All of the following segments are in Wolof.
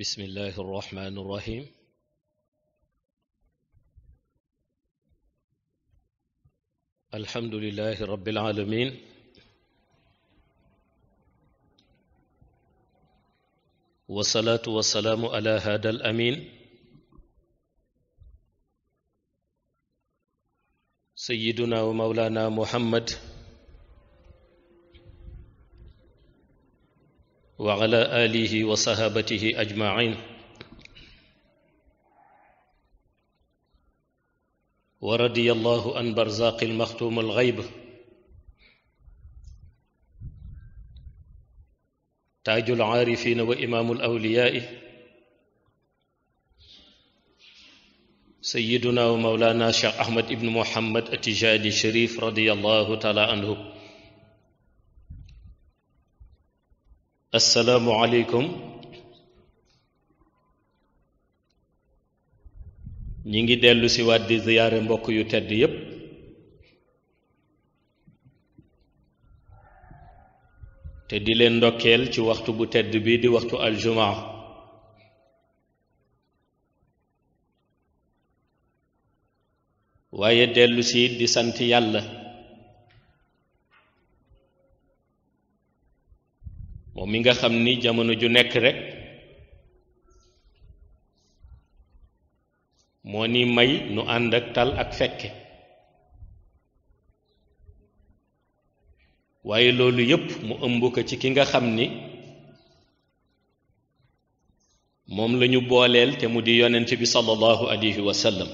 بسم الله الرحمن الرحيم الحمد لله رب العالمين والصلاة والسلام على هذا الأمين سيدنا ومولانا محمد وعلى آله وصحابته أجمعين ورضي الله عن برزاق المختوم الغيب تاج العارفين وإمام الأولياء سيدنا ومولانا شيخ أحمد بن محمد التجاني الشريف رضي الله تعالى عنه asalaamu aleykum ñi ngi dellu si waat di ziyaare mbokk yu tedd yépp te di leen ndokkeel ci waxtu bu tedd bii di waxtu aljumaa waaye dellusi di sant yàlla moom mi nga xam ni jamono ju nekk rek moo ni may nu ànd ak tal ak fekke waaye loolu yépp mu ëmb ko ci ki nga xam ni moom lañu booleel te mu di yonent bi sallallahu alayhi wa sallam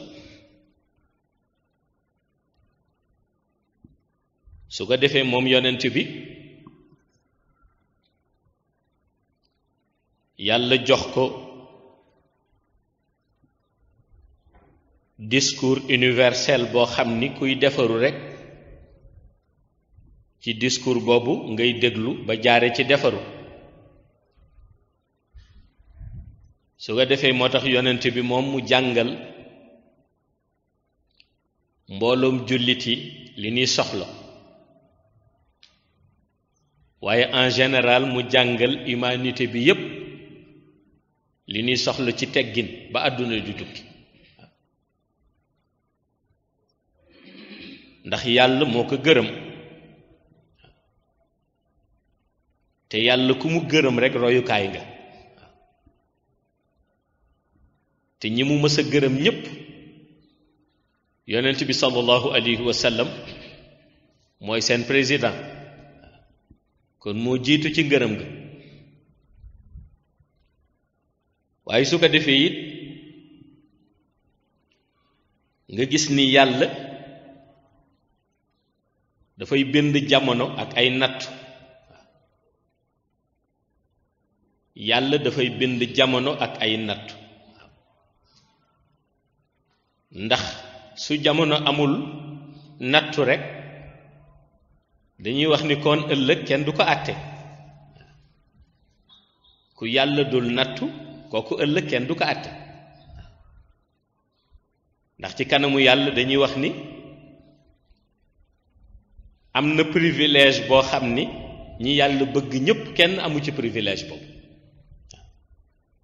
su ko defee moom yonent bi yàlla jox ko discours universel boo xam ni kuy defaru rekk ci discours boobu ngay déglu ba jaare ci defaru su ko defee moo tax yonent bi moom mu jàngal mbooloom jullit yi li ñuy soxla waaye en général mu jàngal humanité bi yépp li ñuy soxla ci teggin ba àdduna ju tukki ndax yàlla moo ko gërëm te yàlla ku mu gërëm rekk royukaay nga te ñi mu mës gërëm ñépp yonent bi sallallahu alayhi wa mooy seen président kon moo jiitu ci ngërëm nga waaye su ko defee it nga gis ni yàlla dafay bind jamono ak ay nattu yàlla dafay bind jamono ak ay nattu ndax su jamono amul nattu rek dañuy wax ni kon ëllëg kenn du ko àtte ku yàlla dul nattu kooku ëllëg kenn du ko àtte ndax ci kanamu yàlla dañuy wax ni am na privilège boo xam ni ñi yàlla bëgg ñépp kenn amu ci privilège boobu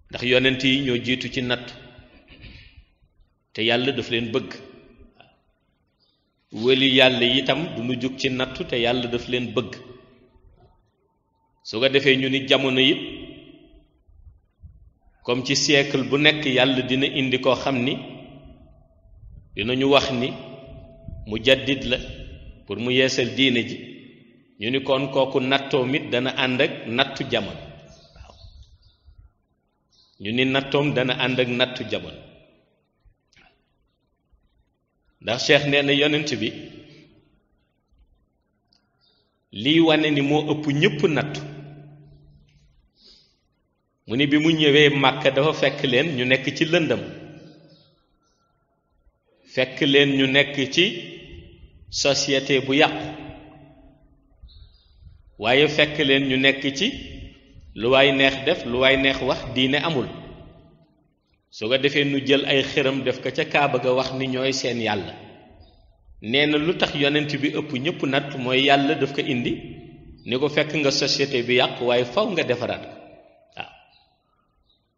ndax yonent yi ñoo jiitu ci natt te yàlla daf leen bëgg wëli yàlla itam du ñu jug ci nattu te yàlla daf leen bëgg su ko defee ñu ni jamono yit comme ci siècle bu nekk yàlla dina indi koo xam ni dinañu wax ni mu jaddid la pour mu yeesal diine ji ñu ni kon kooku nattoom it dana ànd ak nattu jamono ñu ni nattoom dana ànd ak jamono ndax Cheikh nee na yonent bi lii wane ni moo ëpp ñëpp nattu mu ni bi mu ñëwee màkka dafa fekk leen ñu nekk ci lëndëm fekk leen ñu nekk ci société bu yàq waaye fekk leen ñu nekk ci lu waay neex def lu waay neex wax diine amul su ko defee nu jël ay xëram def ko ca kaaba ga wax ni ñooy seen yàlla nee na lu tax yonent bi ëpp ñëpp natt mooy yàlla daf ko indi ni ko fekk nga société bi yàqu waaye faw nga defaraat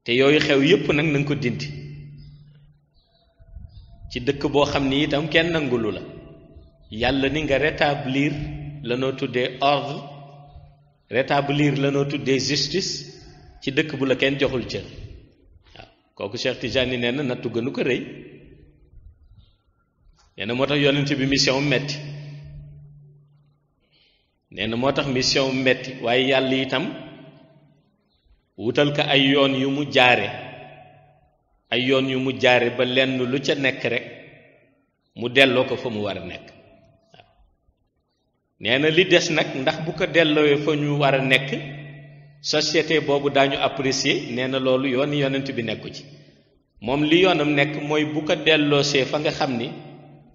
te yooyu xew yépp nag na nga ko dindi ci dëkk boo xam ni itam kenn nangulu la yàlla ni nga rétablir la noo tuddee ordre rétablir lanoo tuddee justice ci dëkk bu la kenn joxul cër waaw kooku Cheikh Tijani nee na nattu gënu ko rëy nee moo tax yonent bi mission metti nee na moo tax mission metti waaye yàlla itam wutal ko ay yoon yu mu jaare ay yoon yu mu jaare ba lenn lu ca nekk rek mu delloo ko fa mu war a nekk nee na li des nag ndax bu ko delloowee fa ñu war a nekk société boobu daañu apprécier nee na loolu yoon yonent bi nekku ci moom li yoonam nekk mooy bu ko delloosee fa nga xam ni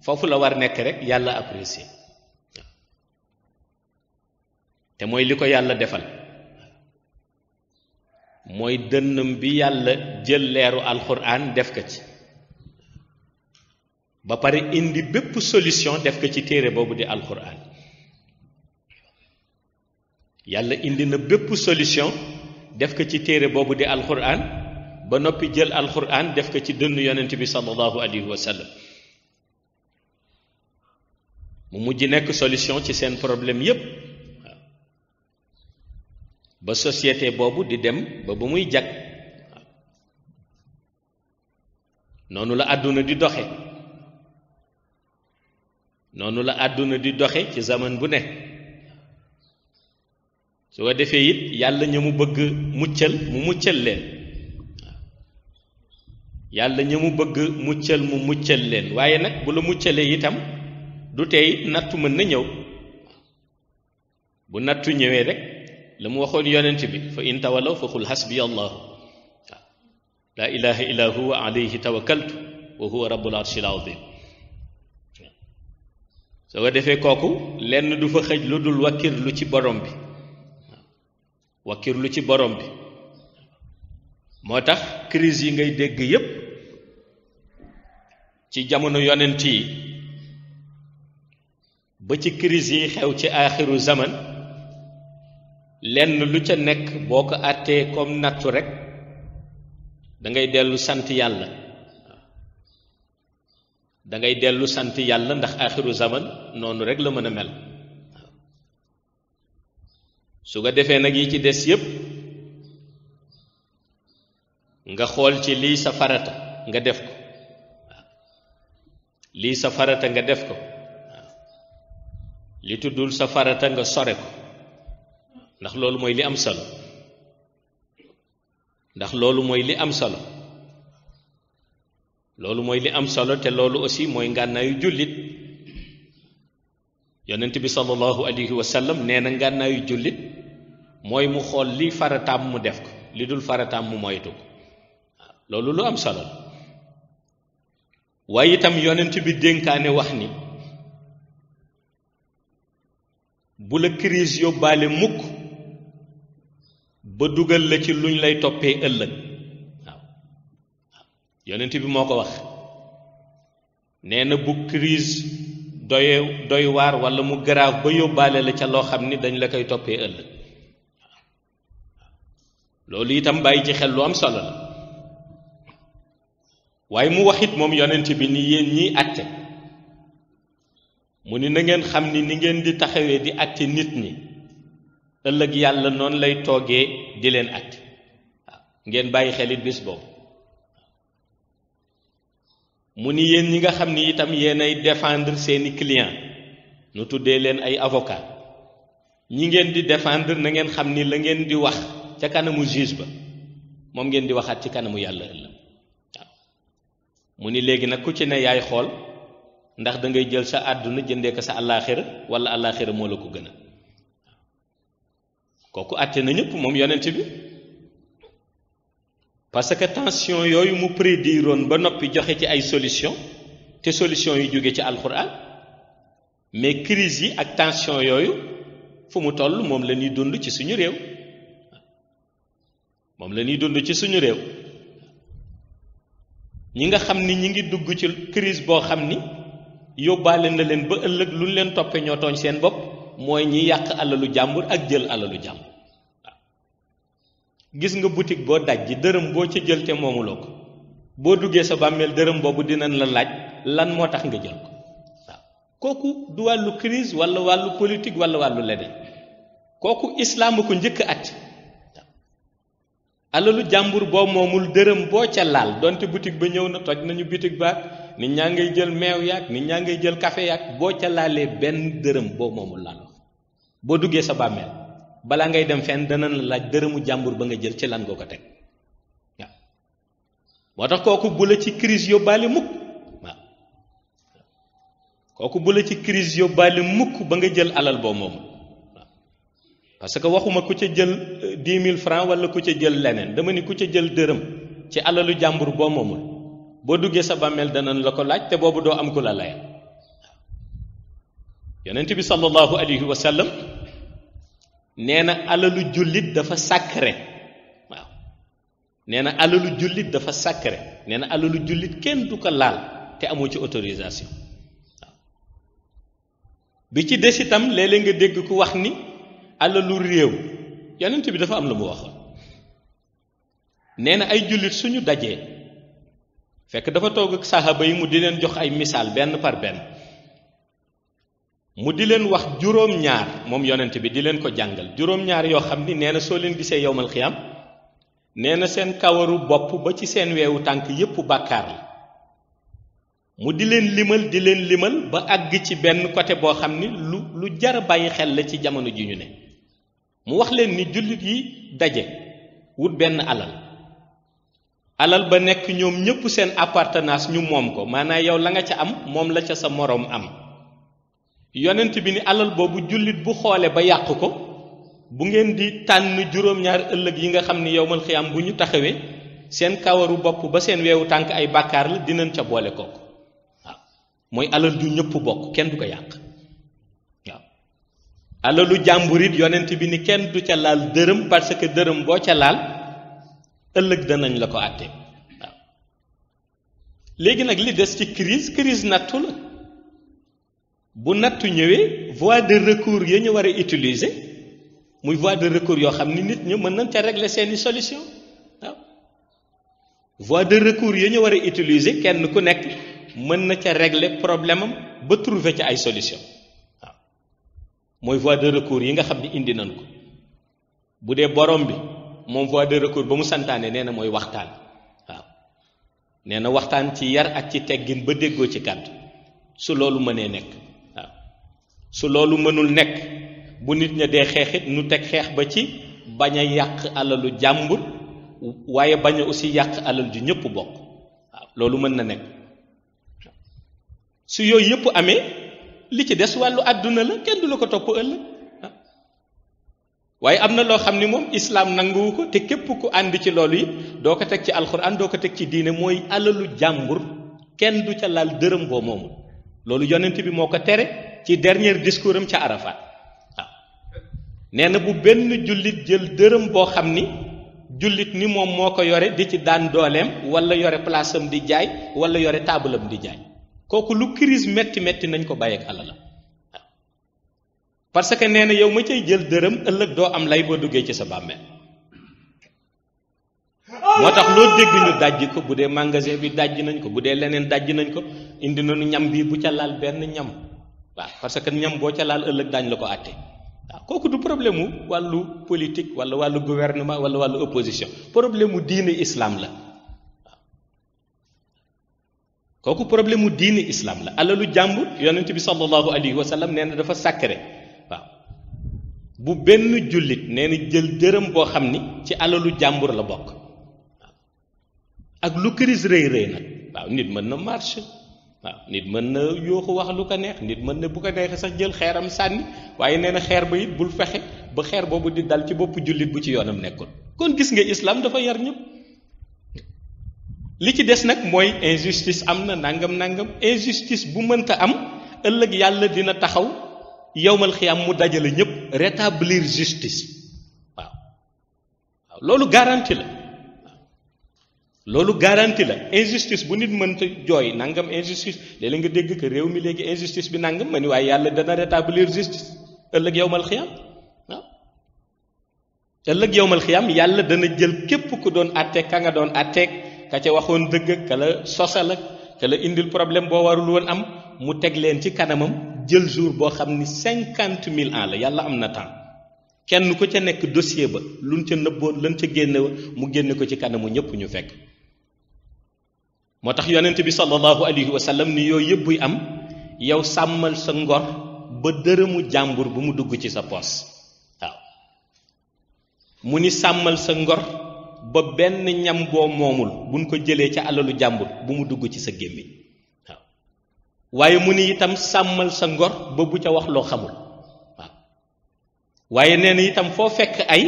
foofu la war nekk rek yàlla apprécier te mooy li ko yàlla defal mooy dënnam bi yàlla jël leeru alxuraan def ko ci ba pare indi bépp solution def ko ci téere boobu di alxuraan yàlla indi na bépp solution def ko ci téere boobu di alxuraan ba noppi jël alxuraan def ko ci dënn yonent bi sallallahu alayhi wa sallam mu mujj nekk solution ci seen problème yépp ba société boobu di dem ba ba muy jag noonu la àdduna di doxe noonu la àdduna di doxe ci zaman bu ne su ko defee it yàlla ña mu bëgg muccal mu muccal leen yàlla ña mu bëgg muccal mu muccal leen waaye nag bu la muccalee itam du tey nattu mën na ñëw bu nattu ñëwee rek لم وخون يوننتي بي فان تولوا فقل حسبي الله لا اله الا هو عليه توكلت وهو رب العرش العظيم سو ديفه كوكو لين دو فا خج لودول وكير لو سي بروم بي وكير لو سي بي موتاخ كريز يي غاي دغ ييب سي جامونو يوننتي با سي كريز يي خيو سي اخر الزمان lenn lu ca nekk boo ko àttee comme nattu rekk dangay dellu sant yàlla dangay dellu sant yàlla ndax axiru zaman noonu rek la mën a mel su ko defee nag yi ci des yépp nga xool ci lii sa farata nga def ko lii sa farata nga def ko li tuddul sa farata nga sore ko ndax loolu mooy li am solo ndax loolu mooy li am solo loolu mooy li am solo te loolu aussi mooy ngànnaayu jullit yonent bi sallallahu alayhi wa sallam nee na ngànnaayu jullit mooy mu xool li farataam mu def ko li dul farataam mu moytu ko loolu lu am solo la waaye itam yonent bi dénkaane wax ni bu la crise yóbbaale mukk ba dugal la ci luñ lay toppee ëllëg waaw yonent bi moo ko wax nee na bu crise doye doy waar walla mu garaaw ba yóbbaale la ca loo xam ni dañ la koy toppee ëllëg loolu itam bàyyi ci xel lu am solo la waaye mu waxit moom yonent bi ni yéen ñiy àtte mu ni na ngeen xam ni ni ngeen di taxawee di àtte nit ñi ëllëg yàlla noonu lay toogee di leen at waaw ngeen bàyyi xelit bis boobu mu ni yéen ñi nga xam ni itam ay defandre seeni client nu tuddee leen ay avocat ñi ngeen di defandre na ngeen xam ni la ngeen di wax ca kanamu juge ba moom ngeen di waxaat ci kanamu yàlla ëllëg waaw mu ni léegi nag ku ci ne yaay xool ndax da ngay jël sa àdduna jëndee ko sa àllaaxira wala àllaaxira moo la ko gën a kooku àtte na ñëpp moom yonent bi parce que tension yooyu mu prédiroon ba noppi joxe ci ay solution te solution yu jóge ci alxuraan mais crise yi ak tension yooyu fu mu toll moom la ñuy dund ci suñu réew moom la ñuy dund ci suñu réew ñi nga xam ni ñi ngi dugg ci crise boo xam ni yóbbaale na leen ba ëllëg lu leen toppee ñoo tooñ seen bopp mooy ñi yàq alalu jàmbur ak jël alalu jàmbur waaw gis nga boutique boo daj dërëm boo ca jël te moomuloo ko boo duggee sa bàmmeel dërëm boobu dinañ la laaj lan moo tax nga jël ko waaw kooku du wàllu crise walla wàllu politique walla wàllu leneen kooku islaam ko njëkk at alalu jàmbur boo moomul dërëm boo ca laal donte boutique ba ñëw na toj nañu boutique baat nit ñaa ngay jël meew yaag nit ñaa ngay jël kafe yaag boo ca laalee benn dërëm boo moomul laal boo duggee sa bàmmeel balaa ngay dem fenn dana la laaj dërëmu jàmbur ba nga jël ci lan nga ko teg waaw moo tax kooku bu la ci crise yóbbaale mukk waaw kooku bu la ci crise yóbbaale mukk ba nga jël alal boo moomul parce que waxuma ku ca jël euh, dix mille francs wala ku ca jël leneen dama ni ku ca jël dërëm ci alalu jàmbur boo moomul boo duggee sa bàmmeel danañ la ko laaj te boobu doo am ku la layal yonent bi sallallahu alayhi nee na alalu jullit dafa sacré waaw nee na alalu jullit dafa sacré nee na alalu jullit kenn du ko laal te amoo ci autorisation waaw bi ci des itam léeg-léeg nga dégg ku wax ni alalu réew yonent bi dafa am la mu waxoon nee na ay jullit suñu dajee fekk dafa toog ak saxaaba yi mu di leen jox ay misaal benn par benn mu di leen wax juróom-ñaar moom yonent bi di leen ko jàngal juróom-ñaar yoo xam ni nee na soo leen gisee yowmal xiyam nee na seen kawaru bopp ba ci seen weewu tànk yépp bàkkaar la mu di leen limal di leen limal ba àgg ci benn côté boo xam ni lu lu jar a bàyyi xel la ci jamono ji ñu ne mu wax leen ni jullit yi daje wut benn alal alal ba nekk ñoom ñëpp seen appartenance ñu moom ko maanaam yow la nga ca am moom la ca sa moroom am yonent bi ni alal boobu jullit bu xoole ba yàq ko bu ngeen di tànn juróom-ñaari ëllëg yi nga xam ni yowmal xiyaam bu ñu taxawee seen kawaru bopp ba seen weewu tànk ay bàkkaar la dinañ ca boole kooku waaw mooy alal ju ñëpp bokk kenn du ko yàq waaw alalu jàmbur it yonent bi ni kenn du ca laal dërëm parce que dërëm boo ca laal ëllëg danañ la ko àtte waaw léegi nag li des ci crise crise nattu la bu nattu ñëwee voie de recours ya ñu war a utiliser muy voie de recours yoo xam ni nit ñi mën nañ ca régler seeni solution waaw voie recours ya ñu war a utiliser kenn ku nekk mën na ca régler problème am ba trouver ca ay solution waaw mooy voie de recours yi nga xam ni indi nañ ko bu dee borom bi mom voie de recours ba mu santane nee moy mooy waxtaan waaw nee na waxtaan ci yar ak ci teggin ba nutek ci kat su lolou mënee nek waaw su lolou mënul nek bu nit ñe de xexit nu tek xex ba ci baña alalu jambur waye baña aussi alal ju ñepp bok waaw mën na nek su yoy yep amé li ci dess walu aduna la kenn du lako top waaye am na loo xam ni moom islaam nanguwu ko te képp ku ànd ci loolu yi doo ko teg ci alxuraan doo ko teg ci diine mooy alalu jàmbur kenn du ca lal dërëm boo moomu loolu yonent bi moo ko tere ci dernier discours am ca Arafat waaw nee na bu benn jullit jël dërëm boo xam ni jullit ni moom moo ko yore di ci daan dooleem walla yore place di jaay wala yore taabalam di jaay kooku lu crise metti metti nañ ko bàyyeek alalam parce que nee na yow ma cay jël dërëm ëllëg doo am lay boo duggee ci sa bàmmeel moo tax loo dégg ñu dajj ko bu dee magasin bi dàjj nañ ko bu dee leneen dàjj nañ ko indi nañu ñam bii bu ca laal benn ñam waaw parce que ñam boo ca laal ëllëg daañ la ko àtte waaw kooku du problème mu wàllu politique wala wàllu gouvernement wala wàllu opposition problème mu diine islam la waaw kooku problème mu diine islam la alalu jàmbur yonent bi sallallahu alayhi wa sallam nee na dafa sacré bu benn jullit nee jël dërëm boo xam ni ci alalu jàmbur la bokk waaw ak lu crise rëy rëy nag waaw nit mën na marché waaw nit mën na yooxu wax lu ko neex nit mën na bu ko neexee sax jël xeeram sànni waaye nee na xeer ba it bul fexe ba xeer boobu di dal ci bopp jullit bu ci yoonam nekkul kon gis nga islam dafa yar ñëpp li ci des nag mooy injustice am na nangam nangam injustice bu mënta am ëllëg yàlla dina taxaw yowmal xiyam mu dajale ñëpp rétablir justice waaw waaw loolu garantie la loolu garantie la injustice bu nit mënta jooy nangam injustice léeg-léeg nga dégg que réew mi léegi injustice bi nangam ma ni waaye yàlla dana rétablir justice ëllëg yowmal xiyam waaw ëllëg yowmal xiyam yàlla dana jël képp ku doon atteeg ka nga doon atteeg ka ca waxoon dëgg ka la sosal ak ka la indil problème boo warul woon am mu teg leen ci kanamam jël jour boo xam ni cinquante mille ans la yàlla am na temps kenn ku ca nekk dossier ba luñ ca nëbboon lan ca génne mu génne ko ci kanamu ñëpp ñu fekk moo tax yonent bi sallallahu alayhi wa sallam ni yëpp buy am yow sàmmal sa ngor ba dërëmu jàmbur bu mu dugg ci sa poos waaw mu ni sàmmal sa ngor ba benn ñam boo moomul buñ ko jëlee ca alalu jàmbur bu mu dugg ci sa gémmiñ waaye mu ni itam sàmmal sa ngor ba bu ca wax loo xamul waaw waaye nee na itam foo fekk ay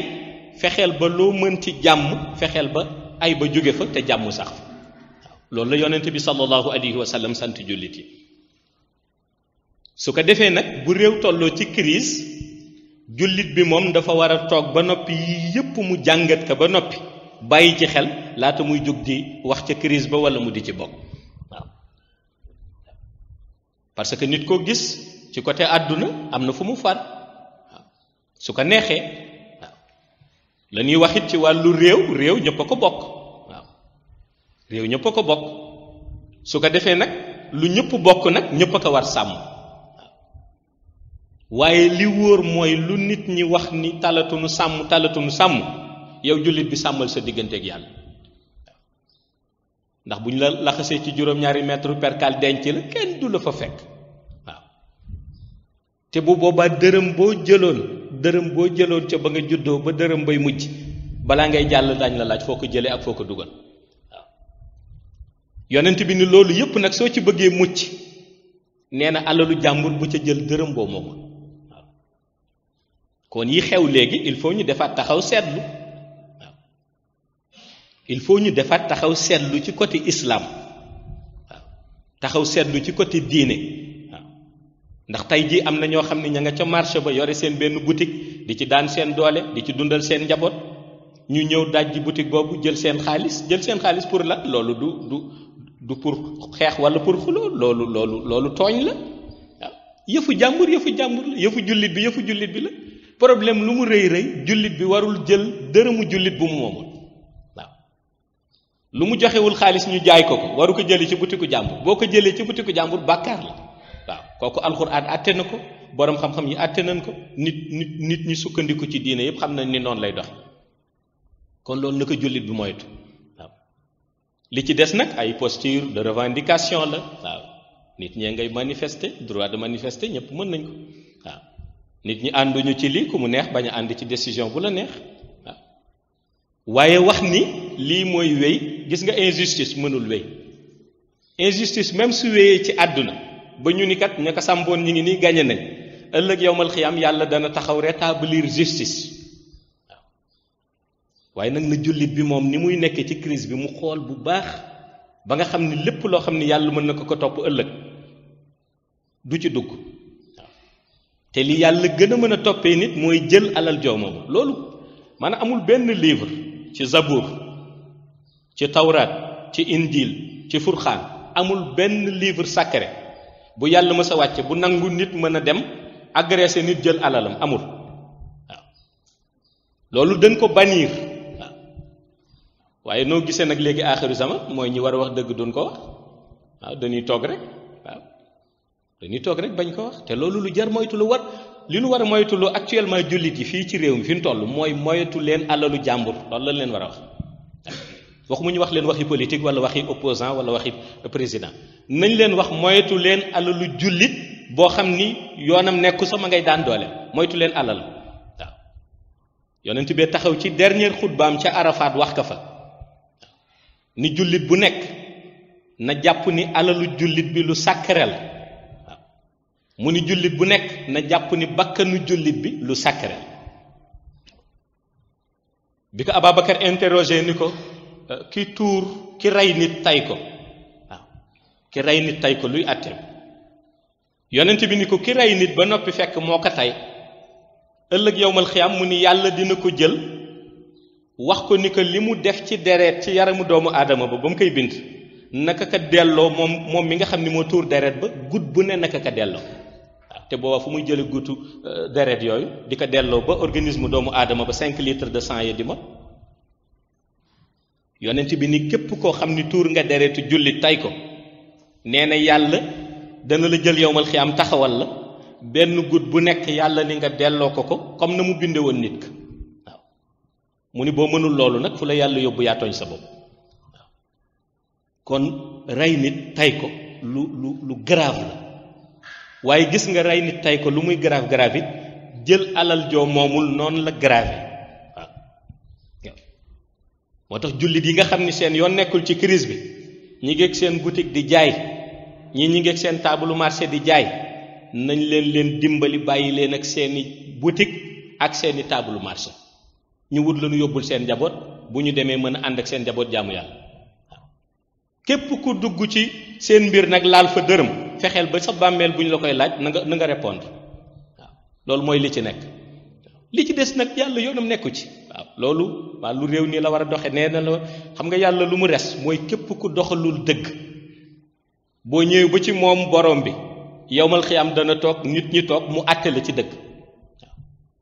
fexeel ba loo mën ci jàmm fexeel ba ay ba jóge fa te jàmm sax fa loolu la yonent bi sallallahu alayhi wa sallam sant jullit yi su ko defee nag bu réew tolloo ci crise jullit bi moom dafa war a toog ba noppi yii yépp mu jàngat ko ba noppi bàyyi ci xel laata muy jóg di wax ca crise ba walla mu di ci bokk parce que nit koo gis ci côté àdduna am na fu mu far su ko neexee waaw la ñuy wax it ci wàllu réew réew ñëpp a ko bokk réew ñëpp a ko bokk su ko defee nag lu ñëpp bokk nag ñëpp a ko war sàmm waaye li wóor mooy lu nit ñi wax ni talatunu sàmm talatunu sàmm yow jullit bi sàmmal sa diggante ak yàlla ndax bu ñu la laxasee ci juróom-ñaari mètre percal denc la kenn du la fa fekk waaw te bu boobaa dërëm boo jëloon dërëm boo jëloon ca ba nga juddoo ba dërëm bay mujj balaa ngay jàll daañ la laaj foo ko jëlee ak foo ko dugal waaw yonent bi ni loolu yépp nag soo ci bëggee mucc nee na alalu jàmbur bu ca jël dërëm boo moomul waaw kon yi xew léegi il faut ñu defaat taxaw seetlu il faut ñu defaat taxaw seetlu ci côté islaam waaw taxaw seetlu ci côté diine waaw ndax tey jii am na ñoo xam ne ña nga ca marché ba yore seen benn boutique di ci daan seen doole di ci dundal seen njaboot ñu ñëw dajji boutique boobu jël seen xaalis jël seen xaalis pour la loolu du du pour xeex walla pour xuloo loolu loolu loolu tooñ la waaw yëfu jàmbur yëfu jàmbur yëfu jullit bi yëfu jullit bi la problème lu mu rëy rëy jullit bi warul jël dërëmu jullit bu mu moom lu mu joxewul xaliss ñu jaay ko ko waru ko jëlee ci boutique jambour boko ko ci boutique jambour bakkar la waaw koku alquran atte na ko borom xam-xam yi atte nañ ko nit nit nit ñi sukkandiku ci diine yépp xam nañ ni non lay dox kon lool naka jullit bi moytu waaw li ci dess nak ay posture de revendication la waaw nit ñe ngay manifester droit de manifester ñepp mën nañ ko waaw nit ñi ànduñu ci li ku mu neex baña and ci décision bu la neex waaye wax ni lii mooy wéy gis nga injustice mënul wéy injustice même su wéyee ci àdduna ba ñu ni kat ña ko sàmboon ñi ngi nii gàñe nañ ëllëg yowmal xiyaam yàlla dana taxaw rétablir justice waaw waaye nag na jullit bi moom ni muy nekkee ci crise bi mu xool bu baax ba nga xam ni lépp loo xam ni yàlla mën na ko ko topp ëllëg du ci dugg waaw te li yàlla gën a mën a toppee nit mooy jël alal joomam loolu maanaam amul benn livre ci Zabour ci tawraat ci injil ci furxaan amul benn livre sacré bu yàlla ma sa wàcce bu nangu nit mën a dem agressé nit jël alalam amul waaw loolu dañ ko baniir waaw waaye noo gisee nag léegi aaxiru sama mooy ñi war a wax dëgg duñ ko wax waaw dañuy toog rek waaw dañuy toog rek bañ ko wax te loolu lu jar moytu lu war li nu war a moytu lu actuellement jullit yi fii ci réew mi fi ñu toll mooy moyetu leen alalu jàmbur loolu lañ leen war a wax waxu mu ñu wax leen waxi politique wala waxi opposant wala waxi président nañ leen wax moytu leen alalu jullit boo xam ni yoonam nekku ma ngay daan doole moytu leen alal waaw yonent bee taxaw ci dernière xutbaam ca Arafat wax ko fa ni jullit bu nekk na jàpp ni alalu jullit bi lu sàkkare la waaw mu ni jullit bu nekk na jàpp ni bakkanu jullit bi lu sàkkare la bi ko Ababacar interrogé ni ko Euh, ki tuur ki rey nit tay ko waaw ki rey nit tay ko luy àtteem yonent bi ni ko ki rey nit ba noppi fekk moo ko tay ëllëg yowmal xiyaam mu ni yàlla dina ko jël wax ko ni ko li mu def ci deret ci yaramu doomu aadama ba ba mu koy bind naka ka delloo moom moom mi nga xam ni moo tuur deret ba gut bu ne naka ka delloo te booba fu muy jële gutu euh, deret yooyu di ko delloo ba organisme doomu aadama ba cinq litres de sang yi di ma yonent bi ni képp koo xam ni tuur nga deretu jullit tay ko nee na yàlla dana la jël yowmal am taxawal la benn gut bu nekk yàlla ni nga delloo ko ko comme na mu binde woon nit ka waaw mu ni boo mënul loolu nag fu la yàlla yóbbu yaa tooñ sa bopp waaw kon rey nit tay ko lu lu lu grave la waaye gis nga rey nit tay ko lu muy grave grave it jël alal joo moomul noonu la grave motax julit yi nga xamni seen yoon nekkul ci crise bi ñi dijai, seen boutique di jaay ñi ñi ngeek seen table marché di jaay nañ leen leen dimbali bàyyi leen ak seeni boutique ak seeni table marché ñu wut lañu yóbbul seen jabot bu ñu demee mën a ànd ak seen jabot jaamu yàlla képp ku dugg ci seen mbir nag laal fa dërëm fexeel ba sa bàmmeel bu ñu la koy laaj na nga répondre waaw loolu li ci nekk li ci des nag yàlla yoonam nekku ci waaw loolu waa lu réew nii la war a doxe nee na la xam nga yàlla lu mu res mooy képp ku doxalul dëgg boo ñëwee ba ci moom borom bi yowmal xiyaam dana toog nit ñi toog mu àtte la ci dëgg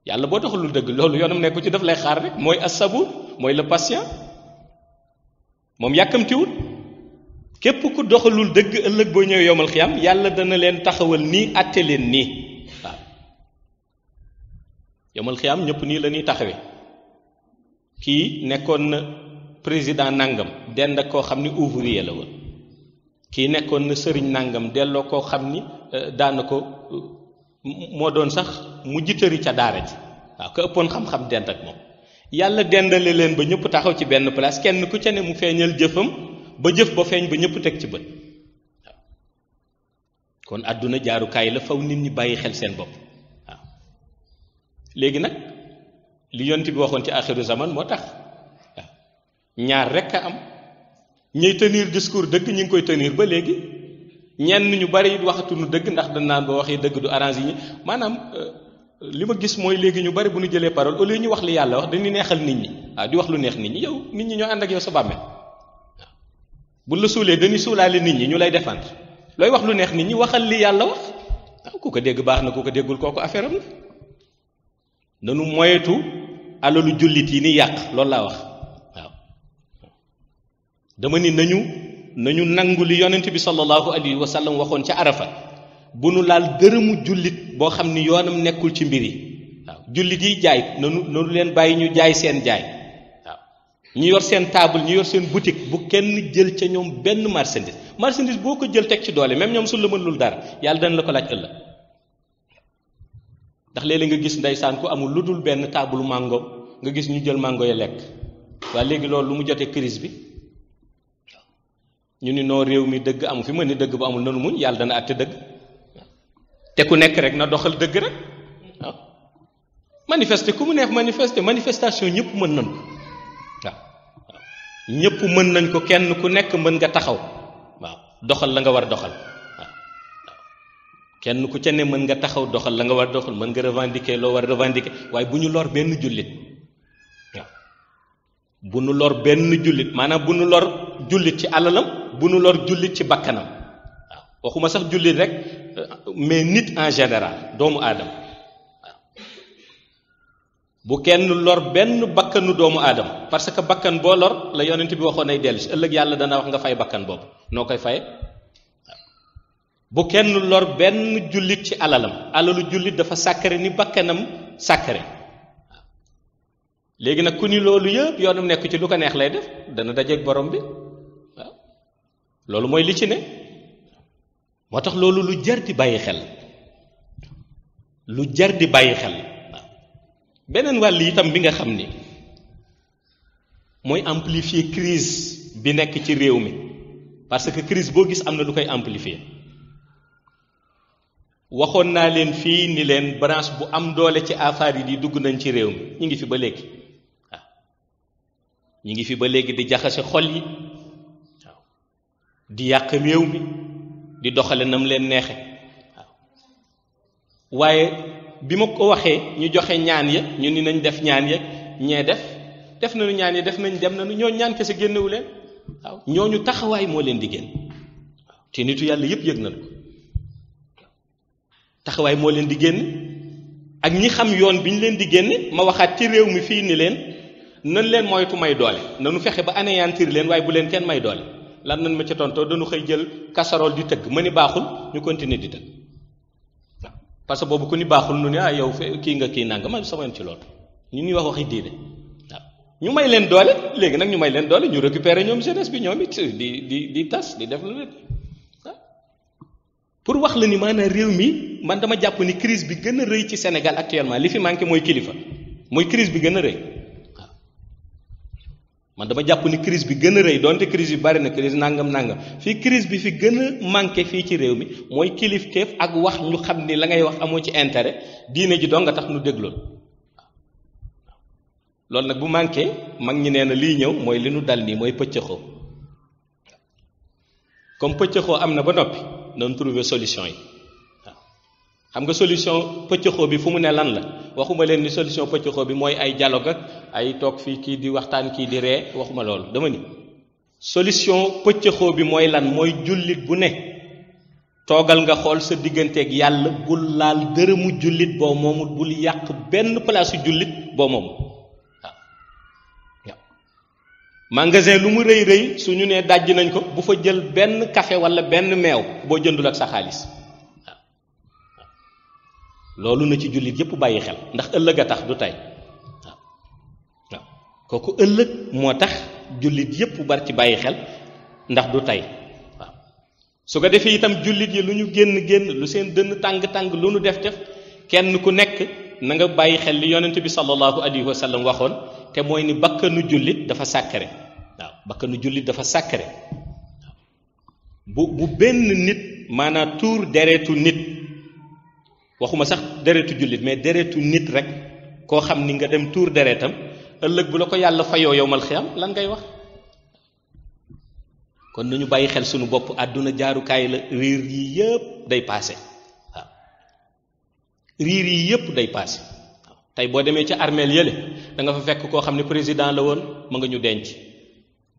yàlla boo doxalul dëgg loolu yoonam nekku ci daf lay xaar rek mooy asabu mooy le patient moom yàkkamtiwul képp ku doxalul dëgg ëllëg boo ñëwee yomal xiyam yàlla dana leen taxawal nii àtte leen nii waaw yomal xiyam ñëpp nii la ñuy taxawee kii nekkoon na président nangam dend ak koo xam ni ouvrier la woon kii nekkoon na sëriñ nangam delloo koo xam ni euh, daana ko euh, moo doon sax mu jitëri ca daara ji waaw dend ak moom yàlla dendale leen ba ñëpp taxaw ci benn place kenn ku ca ne mu feeñal jëfam ba jëf ba feeñ ba ñëpp teg ci bët waaw kon àdduna jaarukaay la faw nit ñi bàyyi xel seen bopp waaw léegi nag li yont bi waxoon ci axiru zaman moo tax waaw ñaar rekk a am ñuy tenir discours dëgg ñu ngi koy tenir ba léegi ñenn ñu bari nu dëgg ndax dañ naan ba waxee dëgg du arrange yi maanaam euh, li ma gis mooy léegi ñu bari bu ñu jëlee parole au lieu wax li yàlla wax dañuy neexal nit ñi waaw di wax lu neex nit ñi yow nit ñi ñoo ànd ak yow sa bàmmeel bu la suulee dañuy suulaale nit ñi ñu lay défendre looy wax lu neex nit ñi waxal li yàlla wax waaw ku ko dégg baax na ku ko déggul kooku affaire am la moyetu alalu jullit yi ni yàq loolu laa wax waaw dama ni nañu nañu nangu li yonent bi sallallahu alayhi wa sallam waxoon ca arafa bu nu laal gërëmu jullit boo xam ni yoonam nekkul ci mbir yi waaw jullit yi jaay nanu nanu leen bàyyi ñu jaay seen jaay waaw ñu yor seen table ñu yor seen boutique bu kenn jël ca ñoom benn marchandise marchandise boo ko jël teg ci doole même ñoom su la mënul dara yàlla dana la ko laaj ëllëg ndax léeg-léeg nga gis ndeysaan ku amul lu dul benn taabulu màngo nga gis ñu jël màngo ya lekk waaye léegi loolu lu mu jotee crise bi ñu ni noo réew mi dëgg amu fi mën ni dëgg bu amul nanu muñ yàlla dana àtte dëgg te ku nekk rek na doxal dëgg rek waaw ku mu neex manifester manifestation ñëpp mën nañ ko waaw ñëpp mën nañ ko kenn ku nekk mën nga taxaw waaw doxal la nga war doxal kenn ku ca ne mën nga taxaw doxal la nga war doxal mën nga revendiquer lo war revendiquer waaye bu ñu lor benn jullit waaw bu nu lor benn jullit maanaam bu nu lor jullit ci alalam bu nu lor jullit ci bakkanam waxuma sax jullit rek euh, mais nit en général doomu aadama bu kenn lor benn bakkanu doomu adam parce que bakkan boo lor la yonent bi waxoon ay dellu si dana wax nga fay bakkan bob. noo koy bu kenn lor benn jullit ci alalam alalu jullit dafa sàkkare ni bakkanam sàkkare léegi nag ku ni loolu yëpp yoonam nekk ci lu ko neex lay def dana dajeeg borom bi loolu mooy li ci ne moo tax loolu lu jar di bàyyi xel lu jar di bàyyi xel waaw beneen wàll itam bi nga xam ni mooy amplifier crise bi nekk ci réew mi parce que crise boo gis am na lu koy amplifier waxoon naa leen fii ni leen branche bu am doole ci affaire yi di dugg nañ ci réew mi ñu ngi fi ba léegi waaw ñu ngi fi ba léegi di jaxase xol yi waaw di yàq réew mi di doxale nam leen neexe waaw waaye bi ma ko waxee ñu joxe ñaan ya ñu ni nañ def ñaan ya ñee def def nañu ñaan ya def nañ dem nañu ñoo ñaan kese génnewu leen waaw ñooñu taxawaay moo leen di génn waaw te nitu yàlla yëpp yëg nañu ko taxawaay moo leen di génn ak ñi xam yoon bi ñu leen di génn ma waxaat ci réew mi fii ni leen nan leen moytu may doole nanu fexe ba anéantir leen waaye bu leen kenn may doole lan nan ma ci tontoo dañu xëy jël casserole di tëgg ma ni baaxul ñu continuer di tëgg waaw parce que boobu ku ni baaxul nu ne ah yow kii nga kii nanga ma ah, sama yoon ci loolu ñu ñuy wax waxi diine waaw ñu may leen doole léegi nag ñu may leen doole ñu récupérer ñoom jeunesse bi ñoom di di di tas di def lu pour wax la ni maanaam réew mi man dama jàpp ni crise bi gën a rëy ci Sénégal actuellement li fi manqué mooy kilifa mooy crise bi gën a rëy man dama jàpp ni crise bi gën a rëy doonte crise bi bari na crise nangam nangam fii crise bi fi gën a manqué fii ci réew mi mooy kilifteef ak wax ñu xam ni la ngay wax amoo ci intérêt diine ji doo nga tax nu dégloon loolu nag bu manqué mag ñi nee na lii ñëw mooy li nu dal nii mooy pëccëxoo comme pëccëxoo am na ba noppi. nan trouver solution yi xam nga solution bi fu ne lan la waxuma ni solution pëccëxoo bi mooy ay dialogue ak ay toog fii kii di waxtaan kii di ree waxuma loolu dama ni solution peut bi mooy lan mooy jullit bu ne toogal nga xool sa digganteeg yàlla bul laal jullit boo bul yàq benn jullit boo magasin lu mu rëy rëy su ñu nee dàjj nañ ko bu fa jël benn kafe wala benn meew boo jëndul ak sa xaalis loolu na ci jullit yépp bàyyi xel ndax ëllëg a tax du tey waaw kooku ëllëg moo tax jullit yépp bar ci bàyyi xel ndax du tey su ko defee itam jullit yi lu ñu génn génn lu seen dënn tàng-tàng lu nu def def kenn ku nekk nanga bàyyi xel li yonent bi sallallahu alayhi wa sallam waxoon te mooy ni bakkanu jullit dafa sàkkare waaw bakkanu jullit dafa sacré bu bu benn nit maanaam tuur deretu nit waxuma sax deretu jullit mais deretu nit rek koo xam ni nga dem tuur deretam ëllëg bu la ko yàlla fayoo yowmal xiyam lan ngay wax kon nañu bàyyi xel sunu bopp àdduna jaarukaay la riir yii yépp day paase waaw riir yi day paase tey boo demee ci armeel yële danga fa fekk koo xam ne président la woon ma nga ñu denc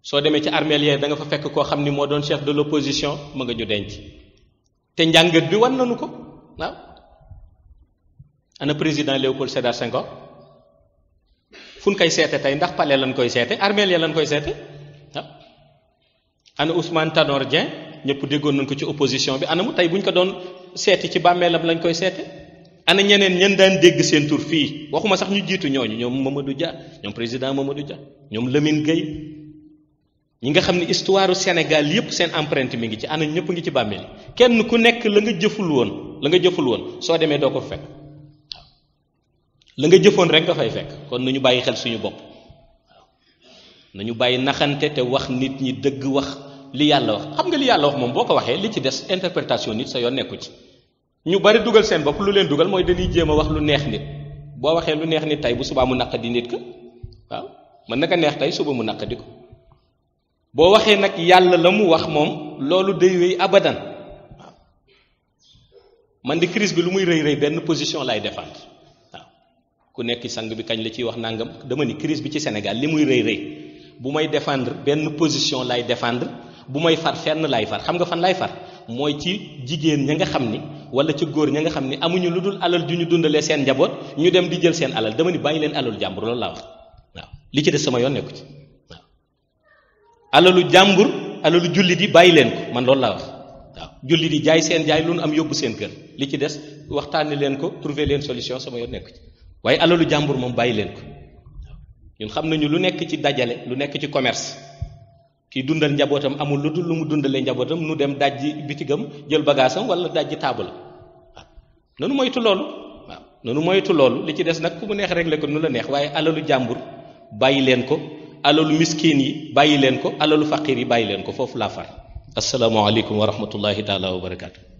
soo demee ci armeel yee da nga fa fekk koo xam ni moo doon chef de l'opposition ma nga ñu denc te njàngat bi wan nañu ko waaw ana président Léopold Sédar Senghor fu ñu koy seete tey ndax pale lañ koy seete armeel lañ koy seete waaw ana Ousmane Tanor Dieng ñëpp déggoon nañ ko ci opposition bi ana mu tey bu ñu ko doon seeti ci bàmmeelam lañ koy seete ana ñeneen ñen daan dégg seen tur fii waxuma sax ñu jiitu ñooñu ñoom ma du Dia ñoom président ma du Dia ñoom lamin Gueye yi nga xamni ne histoire sénégal yépp seen empreinte mi ngi ci ana ñëpp ngi ci bàmmeel kenn ku nekk la nga jëful woon la nga jëful woon soo demee doo ko fekk la nga jëfoon rek nga fay fekk kon nañu bàyyi xel suñu bopp nañu bàyyi naxante te wax nit ñi dëgg wax li yàlla wax xam nga li yàlla wax moom boo ko li ci des interprétation nit sa yoon nekku ci ñu bari dugal seen bopp lu leen dugal mooy dañuy jéem a wax lu neex nit boo waxee lu neex nit tey bu subaa mu naqadi nit ka waaw mën na neex tey suba mu naqadi ko boo waxee nag yàlla la mu wax moom loolu day wéy abadan waaw man di crise bi lu muy rëy rëy benn position lay défendre waaw ku nekk sang bi kañ la ci wax nangam dama ni crise bi ci Sénégal li muy rëy rëy bu may defendre benn position lay défendre bu may far fenn lay far xam nga fan lay far mooy ci jigéen ña nga xam ni wala ci góor ña nga xam ni amuñu lu dul alal ju ñu dundalee seen njaboot ñu dem di jël seen alal dama ni bàyyi leen alal jàmbur laa wax li ci des sama yoon nekku ci. alalu jàmbur alalu jullit yi bàyyi leen ko man loolu laa wax waaw jullit yi jaay seen jaay lu nu am yóbbu seen kër li ci des waxtaanee leen ko trouver leen solution sama yoon nekk ci waaye alalu jàmbur moom bàyyi leen ko ñun xam nañu lu nekk ci dajale lu nekk ci commerce kii dundal njabootam amul lu dul lu mu dundalee njabootam nu dem dajji bitigam jël bagaasam wala dajji taabal waaw nanu moytu loolu moytu loolu li ci des nag ku mu neex régler ko nu la neex waaye alalu jàmbur bàyyi leen ko alal miskin yi bayi len ko alal faqir yi bayi len ko fofu la far assalamu alaykum wa rahmatullahi taala wa barakatuh